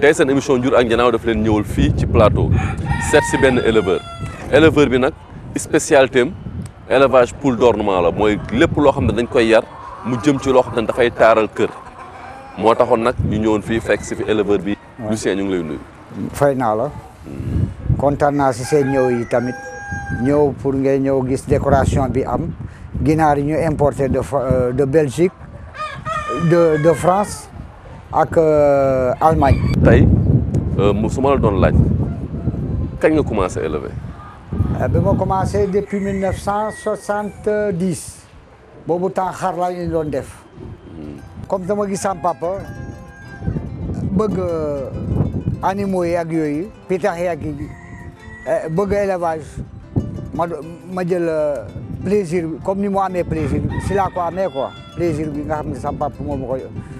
tey seen émission Njur ak Njanaaw daf leen ñëwal fii ci plateau seet si benn éleveur éleveur bi nag spécialité am élevage poule d'ornement la mooy lépp loo xam ne dañ koy yar mu jëm ci loo xam ne dafay taaral kër moo taxoon nag ñu ñëwoon fii fekk si fi éleveur bi. Lucien ñu ngi fay naa la kontaan naa si seen ñëw yi tamit ñëw pour ngay ñëw gis décoration bi am ginaar yi ñu importé de euh, de Belgique de de France. ak euh, Allemagne. tey euh, su ma la doon laaj kañ nga commencé élever. Euh, bi ma commencé depuis 1970 boobu temps xar laa ñu doon def comme dama gis sama papa bëgg animaux yi ak yooyu pitax yi ak yi bëgg élevage ma ma jël plaisir comme ni mu amee plaisir bi si laa ko quoi plaisir bi nga xam ne sama papa moom ma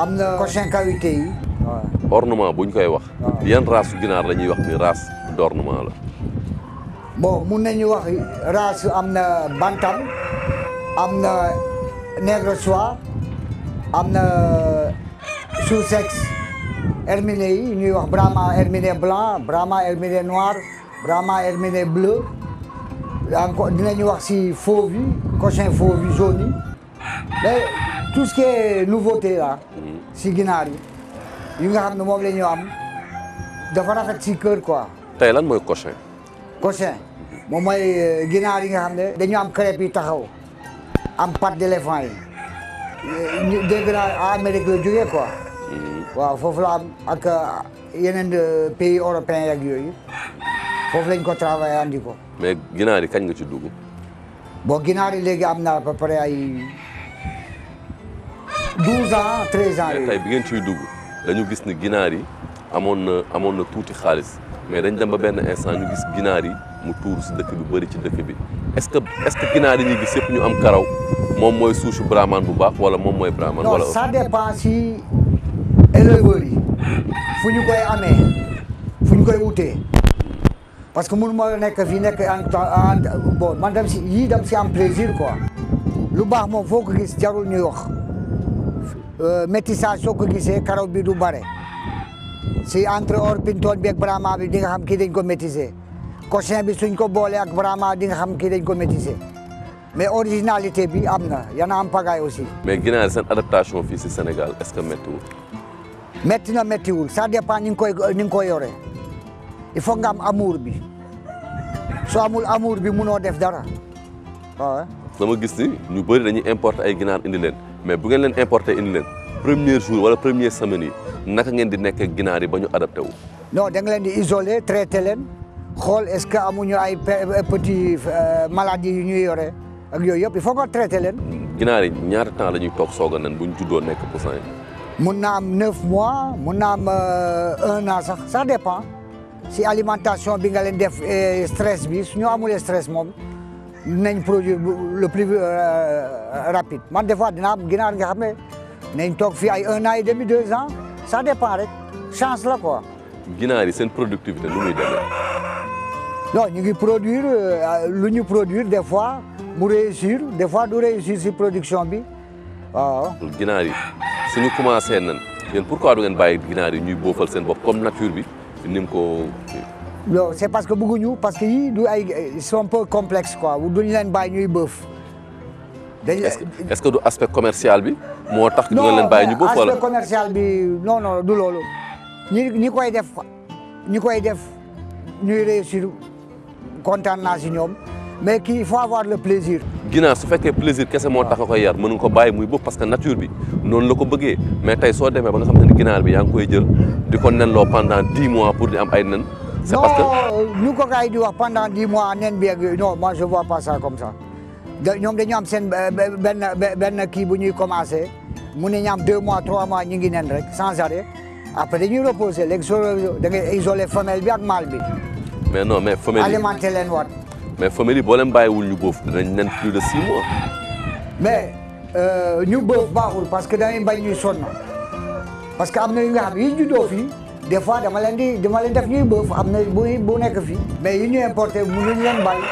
am na cochinqualité yi waaw ornement buñ koy wax yan race ginaar la ñuy wax ni race d'ornement la bon mun nañu wax race am bantam am na nègre soie am na sous-sexe herminé yi ñuy wax brahma herminé blanc brahma herminé noir brahma herminé bleu encore dinañu wax si fauve yi cochin fauve jaune tout ce qui nouveauté là mhm. si ginaar yi yi nga xam ne moom la ñu am dafa rafet si kër quoi tey lan mooy cochin cochin moom mooy euh, ginaar yi nga xam ne dañu am crêpe yi taxaw am pâte d'éléphant yi dégg naa Amérique la ko mhm. waaw foofu la am ak euh, yeneen euh, pays européens yak yooyu foofu lañ ko travaillé ko mais ginaar yi kañ nga ci dugg boo ginaar yi léegi am naa à pare ay 12 ans 13 ans. mais tey bi ngeen ciy dugg dañu gis ni ginaar yi amoon na amoon na tuuti xaalis mais dañ dem ba benn instant ñu gis ginaar yi mu tuuru si dëkk bi bëri ci dëkk bi est-ce que est-ce que ginaar yi ñu gis yëpp ñu am karaw moom mooy souche brahman bu baax wala moom mooy brahman. wala non ça si éleveurs yi fu ñu koy amee fu ñu koy wutee parce que mënu ma nekk fii nekk en bon man dem si yii dem si am plaisir ko lu baax moom foo ko gis jarul ñuy wax. metisasok kise karo bidu bare si antre or pinton biak brama bi ding ham kidin ko metise कोशियाँ भी सुन को बोले अकबरा मादिंग हम की को मेटी से मैं ओरिजिनलिटी भी अब ना या नाम पगाए उसी मैं गिना ऐसा अडप्टेशन ऑफिस सेनेगल इसका मेटू मेटी ना मेटी उल साढ़े पान निंको निंको योरे इफोंगम अमूर भी सो अमूल अमूर भी मुनो देफ दरा हाँ नमक गिस्ती न्यूबरी रनी इंपोर्ट आई गिना इंडिलेंड mais bu ngeen leen importer indi leen premier jour wala premier semaine naka ngeen di nekk ginaar yi ba ñu adapté wu. non da nga leen di isolé traité leen xool es ce que amuñu ay euh, petit euh, maladies yu ñuy yore ak yooyu yëpp il faut nga traité leen. ginaar yi ñaata temps la ñuy toog soog leen bu ñu juddoo nekk poussin yi. mun naa am neuf mois mun naa am euh, un an sax ça dépend si alimentation bi nga leen def stress bi su ñu amulee stress moom. dinañ produit le plus euh, euh, rapide man des fois dina am ginaar nga xam nañ ay un an et demi deux ans ça dépend rek chance la quoi. ginaar yi seen productivité lu muy non ñu ngi produire euh, lu ñu produire des fois mu réussir des fois du réussir si production bi waaw. ginaar yi suñu commencé nan yéen pourquoi du ngeen bàyyi ginaar yi ñuy bofal sen bopp comme nature bi ni mu ko c'est parce que bëgguñu parce que yii du ay ils sont un peu complexes quoi duñu leen bàyyi ñuy bëf. dañuy est ce que du aspect commercial bi. moo tax que nga leen bàyyi ñu bëf wala aspect commercial bi non non du lolo ni ñi koy def ni koy def ñuy réussir kontaan naa si mais qu'il faut avoir le plaisir. ginaar su fekkee plaisir qu'est-ce tax nga koy yar mën mon ko bàyyi muy bëf parce que nature bi non la ko bëggee mais tey soo demee ba nga xam ne ginaar bi yaa ngi koy jël di ko nenloo pendant 10 mois pour di am ay nen. Non, parce que. Euh, nous, quand on dit pendant 10 mois non, moi je ne vois pas ça comme ça. Nous avons ben qui ont commencé. Nous avons 2 mois, 3 mois, sans arrêt. Après, nous reposer. Ils ont les femelles bien mal. Mais non, mais femelles. Alimenter les noirs. Mais femelles, ils ne pas plus de 6 mois. Mais nous ne pouvons pas parce que nous avons une Parce qu'il y a des gens des fois dama leen di dama leen def ñuy bëf am na bu bu nekk fii mais yi ñu importé mënuñu leen bàyyi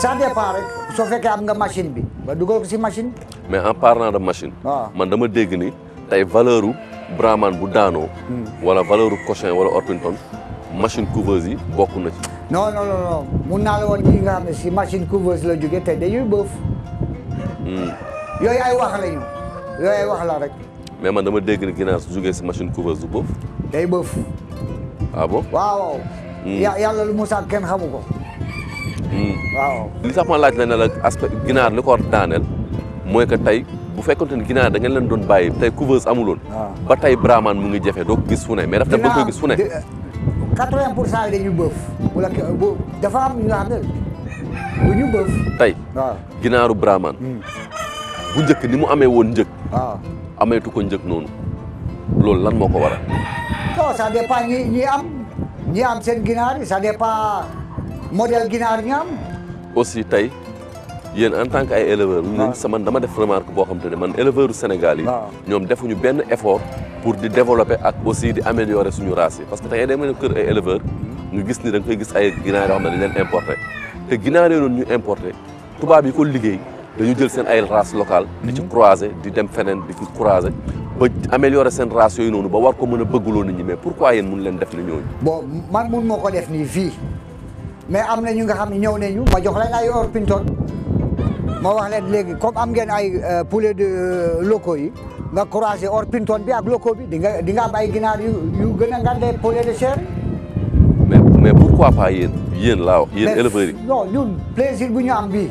ça dépend rek soo fekkee am nga machine bi ba dugal ko si machine mais en parlant de machine waaw man dama dégg ni tay valeur u brahman bu daanoo hmm. wala valeuru u wala orpington machine couveuse yi bokk na ci non non non non mun naa la woon ñi nga xam ne si machine couveuse la jógee tey dañuy bëf hmm. yooyu ay wax la ñu ay wax rek mais man dama dégg ni ginaar su jógee si machine couveuse du bëf. day bëf. Ah waaw waaw. Hmm. yàlla lu mu sàkk kenn xamu ko. Hmm. li sax ma laaj la ne la aspect ginaar li ko war daaneel mooy que tey bu fekkent ni ginaar da ngeen leen doon bàyyi tey couveuse amuloon. Ah. ba tey brahman mu ngi jafe doo ko gis fu ne mais daf dem ba koy gis fu ne. 80 eh, pour cent yi dañuy bëf. wala dafa am ñu xam ginaaru brahman. Hmm. njëkk ni mu amee woon njëkk. waaw. Ah. ameetu ko njëg noonu loolu lan moo ko waral. non ça dépend ñi am ñi am seen ginaar ça dépend modèle ginaar ñi am. aussi tey yéen en tant que ay éleveurs. waaw ñun sama dama def remarque boo xam te ne man éleveurs yu Sénégal yi. ñoom defuñu benn effort pour di développer ak aussi di améliorer suñu race yi parce que tey dama ne kër ay éleveurs. ñu gis ni da nga koy gis ay ginaar yoo xam leen importé te ginaar yooyu ñu importé tubaab yi ko liggéey. dañu jël seen ay race locale di ci mhm. croiser di dem feneen di ci croiser ba améliorer seen races yooyu noonu ba war ko mën a bëggloo nit ñi mais pourquoi yéen mun leen def ni ñooñu bon man mun moo ko def nii fii mais am na ñu nga xam ne ñëw ñu ma jox leen ay or pintoon ma wax leen léegi comme am ngeen ay euh, poulet de euh, locaux yi nga croiser or pintoon bi ak locaux bi di nga di nga ginaar yu gën a ngandee poulet de chair mais mais pourquoi pas yéen yéen laa wax yéen éleveurs yi ñun bu ñu am bii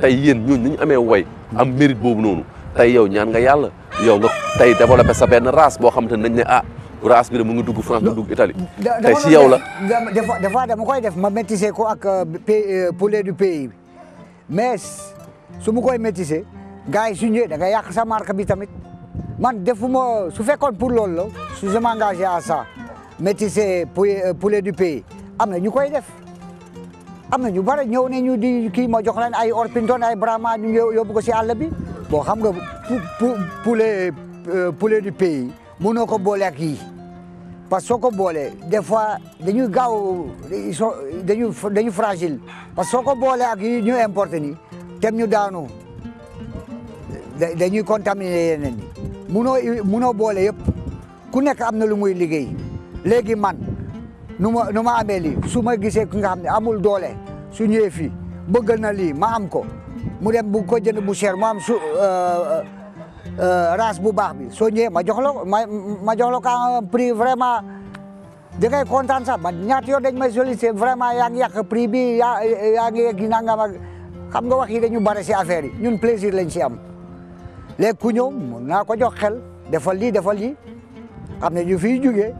tey yéen ñooñu ñu amee way am mérite boobu noonu tey yow ñaan nga yàlla yow nga tey développé sa benn race boo xamante ne nañ ne a ah, race bi de mu ngi dugg France mu dugg Italie tey si yow la des fois dama koy def ma métissé ko ak euh, euh, poulet du pays bi mais su ma koy métissé gars yi su da nga yàq sa marque bi tamit man defuma su fekkoon pour loolu la su je m'engagé à ça métissé euh, poulet du pays am na ñu koy def am na ñu bare ñëw ne ñu di kii moo jox leen ay orpinton ay brahma ñu yóbbu ko si àll bi bon xam nga poulet euh, poulet du pays mënoo ko boole ak yii parce que soo ko boolee des fois dañuy gaaw dañuy dañuy fragile parce que soo ko boolee ak yi ñu importé nii tem ñu daanu dañuy contaminer yeneen yi munoo munoo boole yëpp ku nekk am na lu muy liggéey léegi man nu ma nu ma amee lii su ma gisee ki nga xam ne amul doole su ñëwee ras bëggal na lii ma am ko mu dem bu ko jënd bu cher mu am su euh, euh, euh, race bu baax bi soo ñëwee ma jox la ma jox la ka prix vraiment da ngay kontaan sax man ñaata yoon dañ may sollicité vraiment yaa ngi yàq prix bi yaa yaa ngi yegg nangam xam nga wax yi dañu bare si affaire yi ñun plaisir lañ si am léegi ku ñëw mun naa ko jox xel defal lii defal lii xam ñu fiy jugee.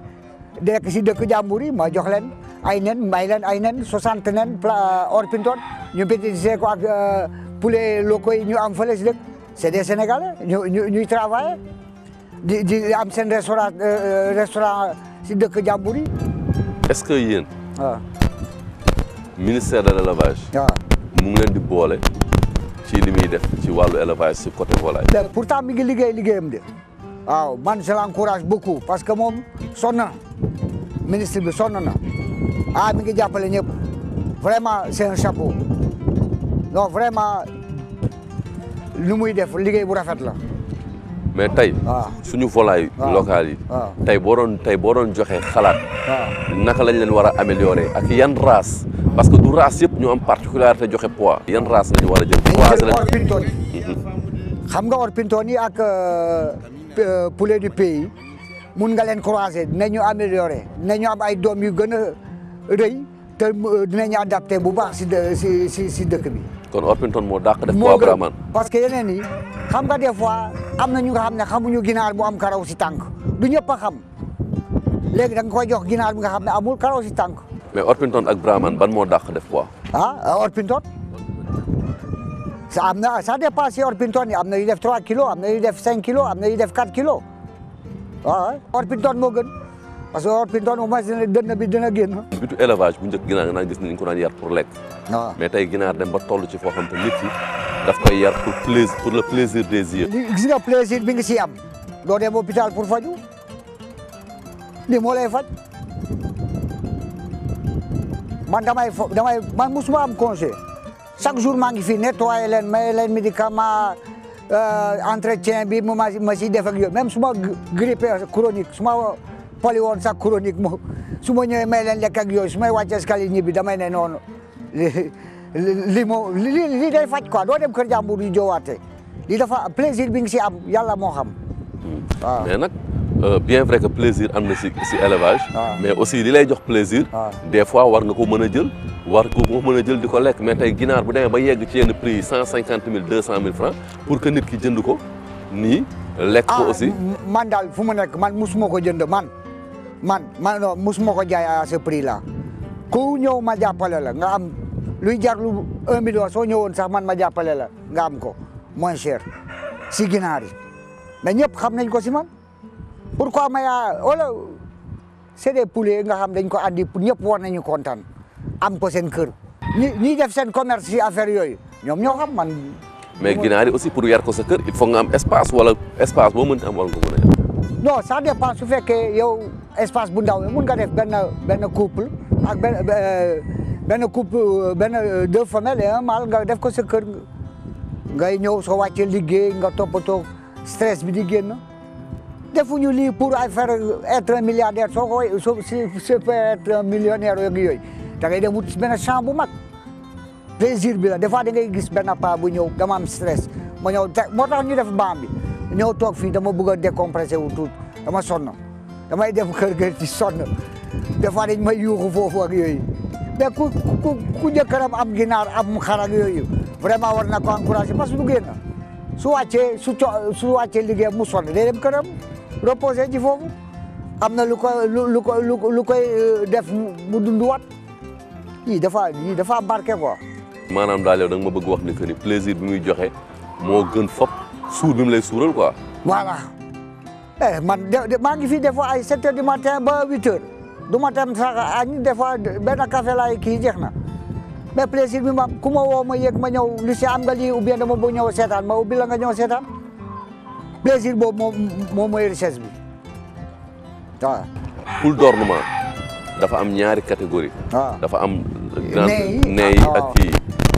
nekk si dëkk jàmbur yi ma jox leen ay nen may leen ay nen soixante nen euh, or pintoon ñu bétisé ko ak euh, poulet locaux ñu am fële si dëkk c'est des ñu ñu ñuy travailler di di am seen restaurant euh, restaurant si dëkk jàmbur yi. que yéen. waaw. Ah. ministère de l'élevage. waaw ah. mu ngi leen di boole. ci li muy def ci wàllu élevage si côté volaille. pourtant mi ngi liggéey liggéeyam de waaw man je l'encourage beaucoup parce que moom sonn ministre bi sonn na ah mi ngi jàppale ñëpp vraiment c'est un chapeau non vraiment lu muy def liggéey bu rafet la. mais tey. Ah. suñu volaille ah. Ah. locale yi. tey boo doon tey boo doon joxe xalaat. naka lañ leen war a améliorer ak yan race parce que du race yëpp ñu am particularité joxe poids. yan race lañu war a jël. dañuy or xam nga or pintoon yi ak euh, euh, poulet du pays. mun nga leen croiser dinañu améliorer dinañu am ay doom yu gën a rëy te dinañu adapté bu baax si si si si dëkk bi. kon Orpington moo dàq def ko Abraman parce que yeneen yi xam nga des fois am na ñu nga xam ne xamuñu ginaar bu am karaw si tànk du ñëpp a xam léegi da nga koy jox ginaar bi nga xam ne amul karaw si tànk. mais Orpington ak Brahman ban moo dàq def poids. ah, ah Orpington sa am na ça dépasse Orpington yi am na yu def 3 kilos am na yu def 5 kilos am na yu def 4 kilos. waaw orpite doon moo gën parce que orpite doon au moins dina bi dina génn. bitu élevage bu njëkk ginaar nga naan gis nañ ko daan yar pour lekk. mais tey ginaar dem ba toll ci foo xam te nit ki daf koy yar pour plaisir pour le plaisir des yeux. gis nga plaisir bi nga siy am doo dem hôpital pour faju li moo lay faj man damay fo damay man am congé chaque jour maa ngi fi nettoyé leen may leen médicament. antrecien eh, bi mă, mă si defec eu. Mem suma gripe cronic, suma polionța cronic, mă, suma ne mele le cac eu, suma oace scali nibi, dar mai non. Limo, li li dai fac cu, doar dem kerja buri joate. Li da fa pleasure bing si am, yalla moham. Hmm. Ah. Enak Euh, bien vrai que plaisir am si si élevage. Ah. mais aussi li lay jox plaisir. Ah. des fois war nga ko mën a jël. war ko ko mën a jël di ko lekk mais tey ginaar bu demee ba yegg ci yenn pris yi cent cinquante mille deux cent francs pour que nit ki jënd ko nii. lekk ko ah, aussi man daal fu mu nekk man musuma ko jënd man. man man non musuma ko jaay à ce prix là ku ñëw ma jàppale la nga am luy jar lu un million soo ñëwoon sax man ma jàppale la nga am ko moins cher si ginaar mais ñëpp xam nañ ko si man. pourquoi maya wala euh, oh c'est des poulets nga xam dañ ko andi pour ñëpp war nañu kontaan am ko seen kër ñi ñi def seen commerce ci affaire yooyu ñoom ñoo xam man mais ginaar yi aussi pour yar ko sa kër il faut nga am espace wala espace boo mënti am wala nga a non ça dépend su fekkee yow espace bu ndaw mun nga def benn benn couple ak benn euh, benn couple euh, benn deux femelles et un mâle nga def ko sa kër ngay ñëw soo wàccee liggéey nga toppatoo stress bi di génn Devunili purai fer etra miliarder so koi so só se é etra milionário yo gioi. Takai de mutis bena sambu mak. Desir bila de fadeng gis bena pa bunyo gamam stress. Manyo tak motor ni def bambi. Nyo tok fi dama buga de compressé utut. Dama sonno. Dama def kër kër ci sonno. De fadeng ma yuxu de ak yoy. Mais ku vou ku jëkëram bem ginaar am xarak yoyu. Vraiment war na ko encourager parce que du génn. Su wàccee su suace suco suace liggéeyam mu sonn day dem reposer ji foofu am na lu koy lu koy lu euh, koy def mu dunduwaat yii dafa yii dafa barke quoi. maanaam daal yow da ma bëgg wax ni que ni plaisir bi muy joxe moo gën fop suur bi mu lay suural quoi. voilà eh man de maa ngi fi defoo fois ay 7 heures du matin ba 8 heures du matin sax añ des fois benn café laay kii jeex na mais plaisir bi ma ku ma woo ma yëg ma ñëw lu am nga lii ou bien dama bëgg seetaan ma ubbi nga ñëw seetaan. plaisir boobu moom moom mooy richesse bi waaw. d'ornement dafa am ñaari catégorie dafa am. grande ney ak kii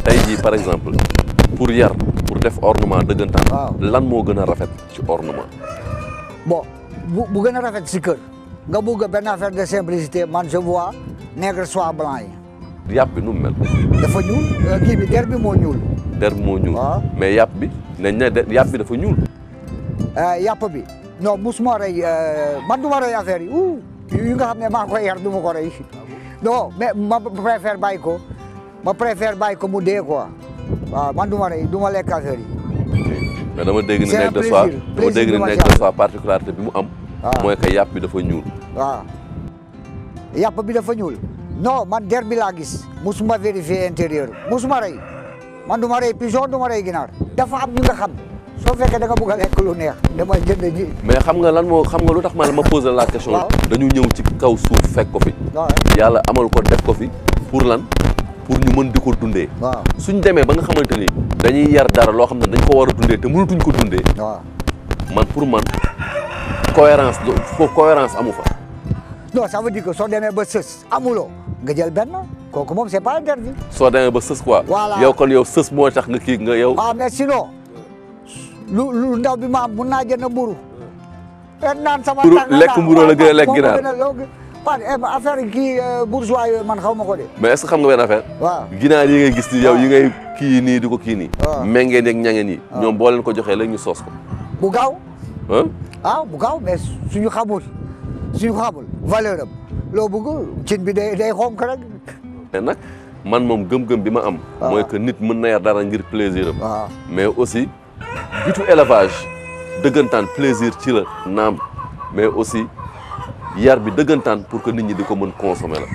tey jii par exemple pour yar pour def ornement dëggantaan. lan moo gën a rafet ci ornement. bon bu bu gën a rafet si kër nga bugg benn affaire de simplicité man je vois nègre soit blanc yi. yàpp bi num mel. dafa ñuul euh, kii bi moo ñuul. der moo ñuul. mais yàpp bi nañ ne yàpp bi dafa ñuul. yàpp e, bi non musuma rey e, man du ma rey affaire yi ouh yu nga xam ne maa koy yar du ma ko rey non mais ma préfère bàyyi ko ma préfère bàyyi ko mu dee quoi waaw man du ma rey du ma lekk affaire yi. mais dama dégg ni nekk de soie dama dégg ni nekk de bi mu am. waaw ah. mooy que yàpp bi dafa ñuul. waaw ah. bi dafa ñuul non man der laa gis musuma vérifier intérieur musuma rey man du ma rey pigeon du rey ginaar dafa am ñu nga xam. soo fekkee da nga bëgg a lekk lu neex damay jënd ji. mais xam nga lan moo xam nga lu tax ma la ma poser la question. dañu ñëw ci kaw suuf fekk ko fi. yàlla amal ko def ko fi pour lan pour ñu mën di ko dundee. waaw suñ demee ba nga xamante ni dañuy yar dara loo xam ne dañ ko war a dundee te mënatuñ ko dundee. waaw man pour man cohérence foofu cohérence amu fa. non ça veut soo demee ba sës amuloo nga jël benn kooku moom c'est pas interdit. soo demee ba sës quoi. voilà yow kon yow sës moo tax nga kii nga yow. waaw ah, lu lu ndaw bi ma am mun naa jënd mburu naan sama lekk mburu la gën lekk ginaar parce que eh, affaire kii euh, bourgeois yooyu man xaw ma ko de mais est xam nga benn affaire waaw ginaar yi ngay gis ci yow yi ngay kii nii di ko kii nii méngeen yeeg ñangeen yi ñoom boo ko joxe la ñu soos ko bu gaaw ah bu gaaw mais suñu xamul suñu xamul valeur loo bëgg cin bi day day xonk rek mais nag man moom gëm-gëm bi ma am mooy que nit mën na yar dara ngir plaisir am mais aussi tu élevage dëggantaan plaisir ci la naam mais aussi yar bi dëggantaan pour que nit ñi di ko mën consommer la.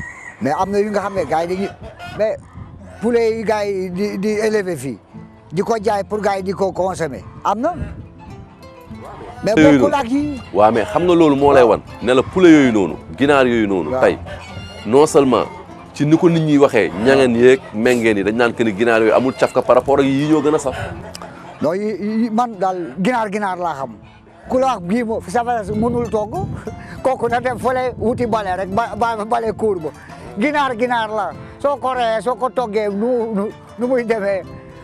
mais am na yu nga xam ne gars yi dañuy mais poulet yi gars yi di di élever fii di ko jaay pour gars yi di ko consommer am na. mais bokkul ak yi. waaw mais xam nga loolu moo lay wan ne la poulet yooyu noonu ginaar yooyu noonu. tey non seulement. ci ni ko nit ñi waxee ñangeen yeeg mengeen yi dañ naan que ni ginaar yooyu amul cafka par rapport ak yii ñoo gën a saf non man daal ginaar ginaar laa xam ku la wax bii moom safara mënul togg kooku na dem fële wuti bale rek ba bale kuur ba ginaar ginaar la soo ko reyee soo ko toggee nu nu muy demee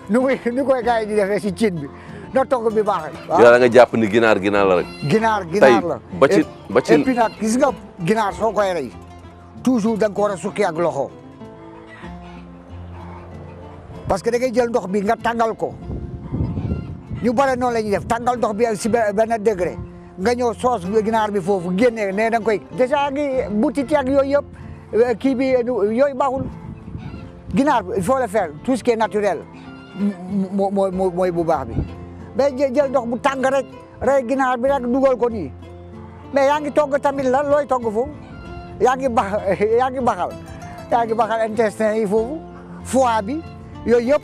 nu muy nu koy gars yi di defee si cin bi na togg bi baax waaw yow da nga jàpp ni ginaar ginaar la rek. ginaar ginaar la ba ci ba gis nga ginaar soo koy rey toujours da nga ko war a sukki ak loxo parce que da jël ndox bi nga tàngal ko. ñu bare noonu la ñuy def tàngal ndox bi si benn degré nga ñëw soos ginaar bi foofu génnee ne da nga koy dèjà ngi butit ak yooyu yëpp eh, kii bi eh, yooyu baaxul ginaar il faut le faire tout ce qui est naturel mooy mooy bu baax bi mais jël ndox bu tàng rek rey ginaar bi rek dugal ko nii mais yaa ngi tong tamit la looy tong foofu yaa ngi bax yaa ngi baxal yaa ngi baxal intestin yi foofu foie bi yooyu yëpp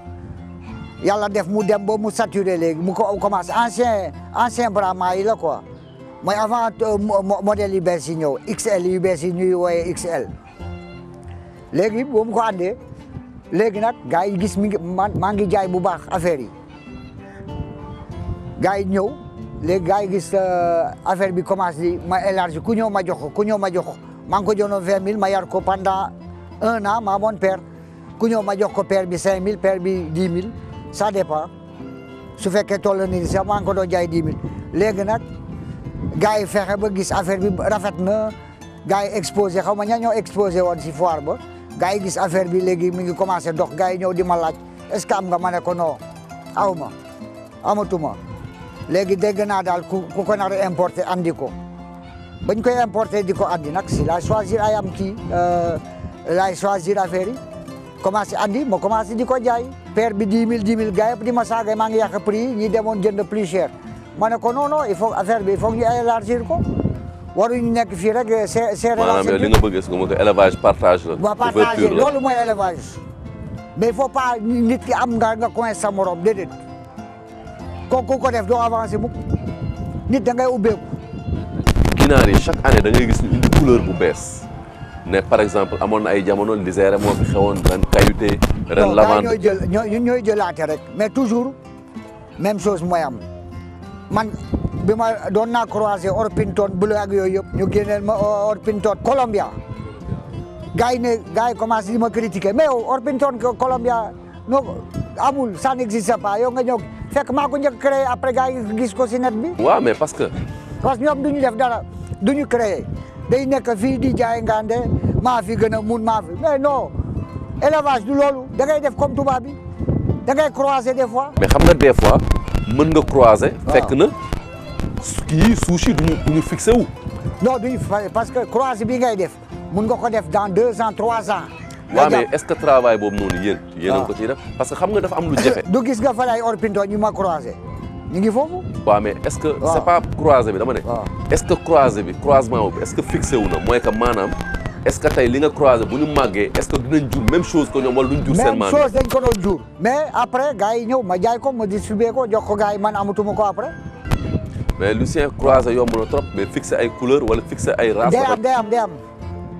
yàlla def mu dem ba mu saturé léegi mu ko commencé ancien ancien Brahma yi la quoi mooy avant euh, modèle yu bees yi ñëw XL yu bees yi ñuy wooye XL léegi boo mu ko àndee léegi nag gars yi gis mi ngi maa ngi jaay bu baax affaire yi gars yi ñëw léegi gars yi gis euh, affaire bi commencé di ma élargi ku ñëw ma jox ko ku ñëw ma jox ko maa ngi ko joonoon vingt mille ma yar ko pendant un an ma amoon per ku ñëw ma jox ko père bi cinq mille père bi dix mille ça dépend su fekkee toll nii sax maa ko doo jaay dix mille léegi nag gars yi fexe ba gis affaire bi rafet na gars yi exposé xaw ma ña ñoo exposé woon si foire ba gars yi gis affaire bi léegi mi ngi commencé dox gars yi ñëw di ma laaj est-ce que am nga ma ne ko non aw ma amatuma léegi dégg naa daal ku ku ko nar a andi ko bañ koy importé di ko andi nag si laay choisir ay am kii euh, laay choisir affaire yi. commencé andi ma commencé di ko jaay paire bi 10 000 ma saaga maa ngi yàq prix ñi demoon jënd plus cher ma ne ko non non il faut fii rek euh, c'est c'est maanaam li nga bëgg est-ce que mu ko élevage partage la. waaw partage mais il faut nit ki am nga nga coince sa morom déedéet ko def doo avancer mukk nit da ngay ubbeeku. ginaar yi chaque année da ngay gis ni indi couleur bu bees. Mais par exemple à ay jamono lisère mo fi xewone ren kayuté ren lavande ñoy jël rek mais toujours même chose moy am man ma orpinton bleu ak ñu gënël ma orpinton Colombia critiquer mais orpinton Colombia ça n'existe pas yow nga ñëw fekk je ko créé après gars ko mais parce que parce que nous du def dara créé day nekk fii di jaay ngaande maa fi gën a mun maa fi mais noo élevage du loolu da ngay def comme tubaab bi da ngay croiser des fois. mais xam nga des fois mën nga croiser. fekk na kii suuf si duñu duñu fixé wu. non duñu parce que croise bi ngay def mun nga ko def dans deux ans trois ans. waaw mais est ce que travail boobu noonu yéen. yéen ko ah. ciy parce que xam nga dafa am lu jafe. du gis nga fa lay orpinto ñu ma croisé ñu ngi foofu waaw mais est-ce que c'est pas croisé bi dama ne est-ce que croisé bi croisement bi est-ce que fixé wu na moy que manam est-ce que tay li nga croisé bu ñu màggee est-ce que dinañ jour même chose ko ñom wala duñ jour seen maam même chose dañ ko do jour mais après gaay yi ma jaay ko ma distribué ko jox ko gaay yi man amatuma ko après mais Lucien croisé yomb na trop mais fixé ay couleur wala fixé ay race day am day am day am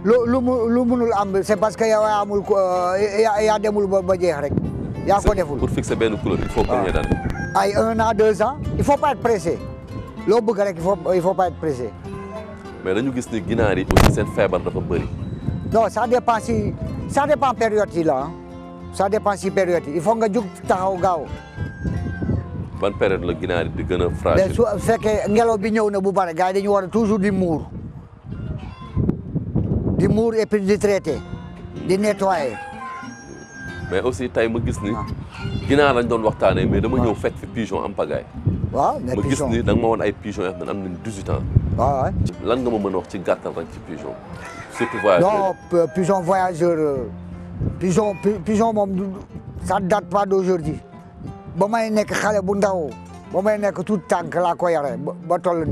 lu mu lu mënul am c'est parce que yow yaa amul yaa demul ba jeex rek yaa ko deful pour fixer ben couleur il faut que ñu dal ay un an deux ans il faut pas être pressé loo bëgg rek il faut il faut pas être pressé. mais dañu gis ni ginaar yi aussi seen feebar dafa bëri. non ça dépend si ça période yi la ça dépend si période yi il faut nga jug taxaw gaaw. ban période la ginaar yi di gën a fragile. mais ngelaw bi ñëw na bu bare gars yi dañu war a toujours di muur di muur et di traité di nettoyer. mais aussi tey ma gis ni. Ah. mais pigeon pigeon 18 ans. lan pigeon. voyageur non euh, pigeon voyageur pigeon pigeon ça date pas d'aujourd'hui ba may nekk xale bu ndaw ba may tout tànk laa ko ba toll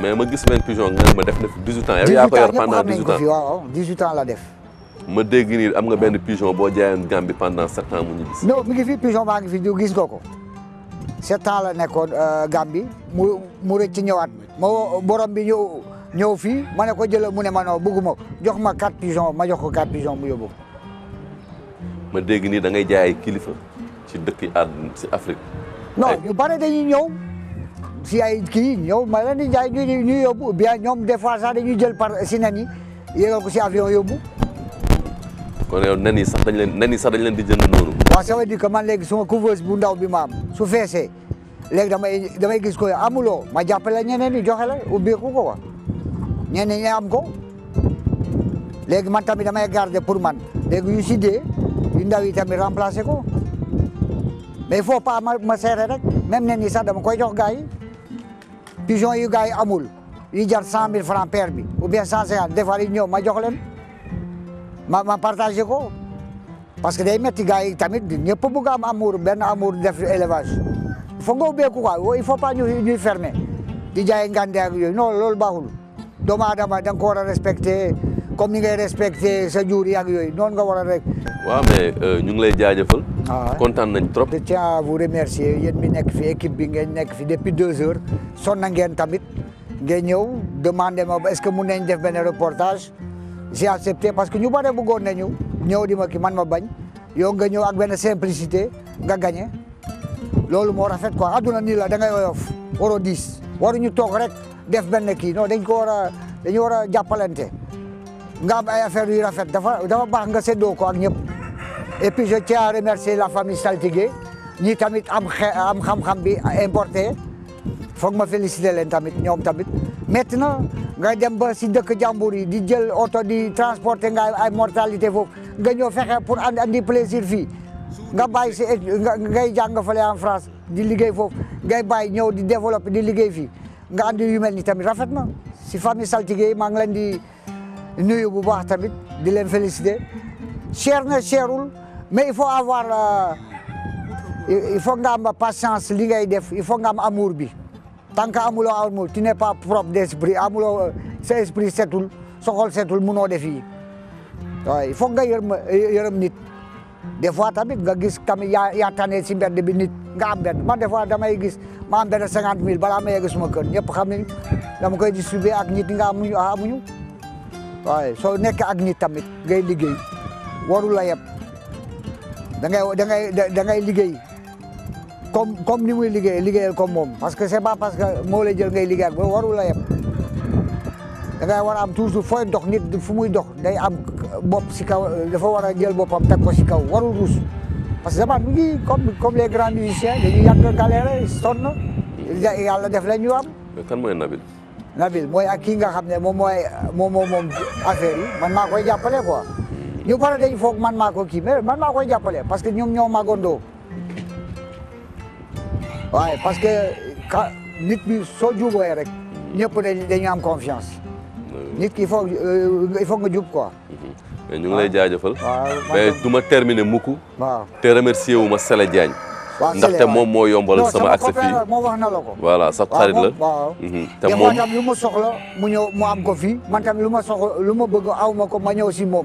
mais je gis pigeon ma def na 18 ans. yow ko pendant 18 ans 18 ans la def. ma dégg nii am nga benn pigeon boo jaayoon Gambie pendant sept ans mu ñu gis. non mi ngi fi pigeon baa ngi fi du gis nga ko sept ans la nekkoon euh, Gambie mu mu rëcc ñëwaat moo borom bi ñow ñëw fii ma ne ko jëla mu ne ma non bëgguma jox ma quatre pigeon ma jox ko quatre pigeon mu yóbbu ma dégg nii da ngay jaay kilifa ci dëkk yi àdduna Afrique. non ñu bare dañuy ñëw si ay kii ñëw ma leen di jaay ñu ñu yóbbu bien ñoom des fois sax dañuy jël par si nen yi yégal ko si avion yóbbu. kon yow nen yi sax dañ leen nen sax dañ leen di jënd nooru. waaw ça veut dire que man léegi suma couveuse bu ndaw bi ma am su feesee léegi damay damay gis ko amuloo ma jàppale ñeneen ñi joxe la ubbeeku ko quoi ñeneen ñi am ko léegi man tamit damay garder pour man léegi yu si yu ndaw yi tamit remplacer ko mais faut pas ma ma rek même nen sax dama koy jox gars pigeon yu gars amul yu jar cent mille francs paire bi ou bien cent cinquante des ma jox leen. ma partagé ko parce que day métti gars yi tamit ñëpp bëgg am amour benn amour def élevage foog nga ubbeeku quoi il faut pas ñuy ñuy di jaay ngande ak yooyu non loolu baaxul doomu aadama da nga ko a respecté comme ni ngay respecté sa jur ak yooyu noonu nga war a rek. waaw mais euh, ñu ngi lay jaajëfal. waaw ah kontaan nañ trop. je tiens à vous remercier yéen mi nekk fi équipe bi ngeen nekk fi depuis deux heures sonn na ngeen tamit ngeen ñëw demandé ma est-ce que mun nañ def benn reportage. j'ai accepté parce que ñu bare bëggoon nañu ñëw di ma ki man ma bañ yow nga ñëw ak benn simplicité nga gagné loolu moo rafet quoi adduna nii la da ngay oyof waroo diis ñu toog rek def benn kii non dañ ko war a dañu war a jàppalante nga am ay affaire yu rafet dafa dafa baax nga seddoo ko ak ñëpp et puis je à remercier la famille Saltigué ñi tamit am xam-xam bi importé foog ma féliciter leen tamit ñoom tamit nga dem ba si dëkk jàmbur yi di jël oto di transporter nga ay mortalité foofu nga ñëw fexe pour andi andi plaisir fii nga bàyyi si ngay jàng fale en France di liggéey foofu ngay bàyyi ñëw di développer di liggéey fii nga andi yu mel ni tamit rafet na si famille saltige yi maa ngi leen di nuyu bu baax tamit di leen féliciter cher na cherul mais il faut avoir euh, il faut nga am patience li ngay def il faut nga am amour bi tanka amulo amul tu n'es pas propre d'esprit amulo eh, sa esprit setul soxol setul munoo def yi waaw il faut nga yërëm eh, yërëm nit des fois tamit nga gis tamit yaa yaa tane si mbedd bi nit nga am benn man des fois damay gis ma am benn cinquante mille balaa ma yegg suma xam ne dama koy distribuer ak nit nga amuñu ah, amuñu waaye soo nekkee ak nit tamit ngay liggéey warul la yeb da ngay da ngay da ngay liggéey comme comme ni muy liggéey liggéeyal comme moom parce que c'est pas parce que moo lay jël ngay liggéey ak ba waru la yem ngay war a am toujours fooy dox nit fu muy dox day am bopp si kaw dafa war a jël boppam teg ko si kaw warul ruus parce que zaman bi ngi comme comme les grands musiciens dañuy yàgg galéré sonn yàlla def la ñu am. kan mooy Nabil. Nabil mooy ak kii nga xam ne moom mooy moom moom moom affaire yi man maa koy jàppale quoi. ñu pare dañ foog man maa ko kii parce que ñoom ñoo màggandoo. Oui, parce que nit bi confiance. nit ki il faut euh, il faut quoi. Mm-hmm. mais ñu lay mais tu ma terminer muku, te remercier wu ma Sele accès voilà ça xarit la mm-hmm. te ma soxla mu moi mu am ko man tam bëgg ma moi.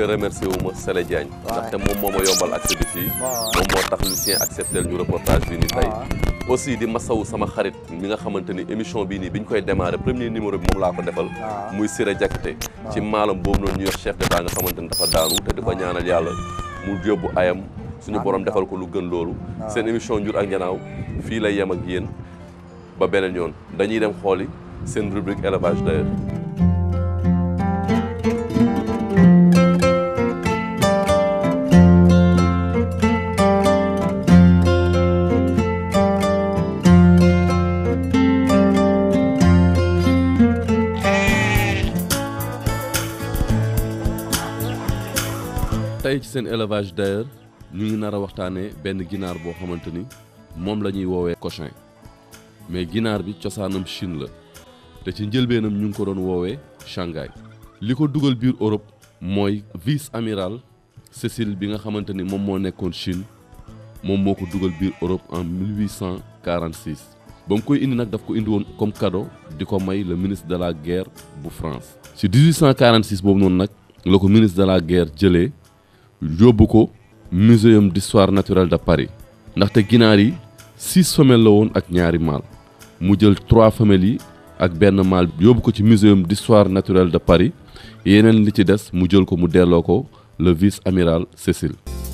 que remercier wu ma Sele Diagne ndaxte moom moo ma yombal accès bi fii moom moo tax Lucien sama xarit mi nga xamante ni émission bii nii bi ñu koy démarré premier numéro bi moom laa ko defal muy Siré Diakité ci maalam boobu noonu ñu yor chef de daa dafa daanu te di ko ñaanal yàlla mu yóbbu ayam suñu borom defal ko lu gën loolu seen émission njur ak njanaaw fii la yem ak yéen ba beneen yoon dañuy dem xooli seen rubrique élevage d'ailleurs seen élevage d'ailleurs ñu ngi nar a waxtaanee benn ginaar boo xamante ni moom la ñuy woowee cochin mais ginaar bi cosaanam Chine la te ci njëlbeenam ñu ngi ko doon woowee Shanghai. li ko dugal biir Europe mooy vice amiral Cécile bi nga xamante ni moom moo nekkoon Chine moom moo ko dugal biir Europe en 1846 ba mu koy indi nag daf ko indi woon comme cadeau di ko may le ministre de la guerre bu France. ci 1846 boobu noonu nag la ko ministre de la guerre jëlee. yóbbu ko muséum d'histoire naturelle de Paris ndaxte ginaar yi six femelles la woon ak ñaari mâle mu jël trois femelles yi ak benn mâle yóbbu ko ci muséum d'histoire naturelle de Paris yeneen li ci des mu jël ko mu delloo ko le vice amiral Cécile